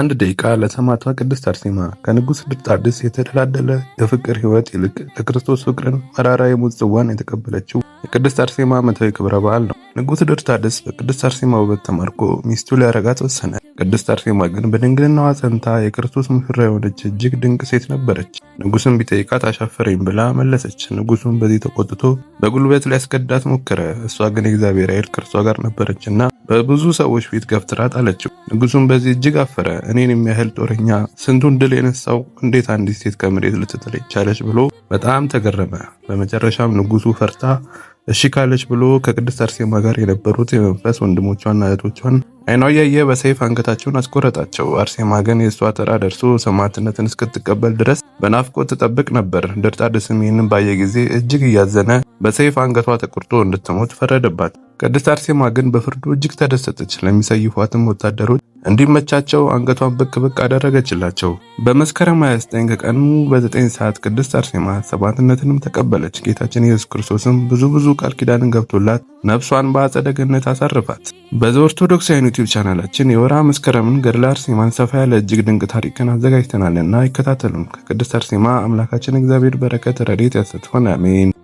አንድ ደቂቃ ለሰማዕቷ ቅድስት አርሴማ ከንጉሥ ድርጣድስ የተደላደለ የፍቅር ሕይወት ይልቅ ለክርስቶስ ፍቅርን መራራ የሞት ጽዋን የተቀበለችው የቅድስት አርሴማ ዓመታዊ ክብረ በዓል ነው። ንጉሥ ድርጣድስ በቅድስት አርሴማ ውበት ተማርኮ ሚስቱ ሊያረጋት ወሰነ። ቅድስት አርሴማ ግን በድንግልናዋ ጸንታ የክርስቶስ ሙሽራ የሆነች እጅግ ድንቅ ሴት ነበረች። ንጉሱን ቢጠይቃት አሻፈረኝ ብላ መለሰች። ንጉሱን በዚህ ተቆጥቶ በጉልበት ሊያስገዳት ሞከረ። እሷ ግን የእግዚአብሔር ኃይል ከእርሷ ጋር ነበረችና በብዙ ሰዎች ፊት ገፍትራ ጣለችው። ንጉሱም በዚህ እጅግ አፈረ። እኔን የሚያህል ጦረኛ ስንቱን ድል የነሳው እንዴት አንዲት ሴት ከመሬት ልትጥል ይቻለች ብሎ በጣም ተገረመ። በመጨረሻም ንጉሱ ፈርታ እሺ ካለች ብሎ ከቅድስት አርሴማ ጋር የነበሩት የመንፈስ ወንድሞቿና እህቶቿን አይኗ እያየ በሰይፍ አንገታቸውን አስቆረጣቸው። አርሴማ ግን የእሷ ተራ ደርሶ ሰማዕትነትን እስክትቀበል ድረስ በናፍቆት ትጠብቅ ነበር። ድርጣድስም ይህንን ባየ ጊዜ እጅግ እያዘነ በሰይፍ አንገቷ ተቆርጦ እንድትሞት ፈረደባት። ቅድስት አርሴማ ግን በፍርዱ እጅግ ተደሰተች። ለሚሰይፏትም ወታደሮች እንዲመቻቸው አንገቷን ብቅ ብቅ አደረገችላቸው። በመስከረም 29 ከቀኑ በ9 ሰዓት ቅድስት አርሴማ ሰማዕትነትንም ተቀበለች። ጌታችን ኢየሱስ ክርስቶስም ብዙ ብዙ ቃል ኪዳንን ገብቶላት ነፍሷን በአጸደ ገነት በዘ በዘኦርቶዶክሳውያን ዩቲዩብ ቻናላችን የወርሃ መስከረምን ገድለ አርሴማን ሰፋ ያለ እጅግ ድንቅ ታሪክን አዘጋጅተናልና ይከታተሉን። ከቅድስት አርሴማ አምላካችን እግዚአብሔር በረከት ረድኤት ያሳትፈን፣ አሜን።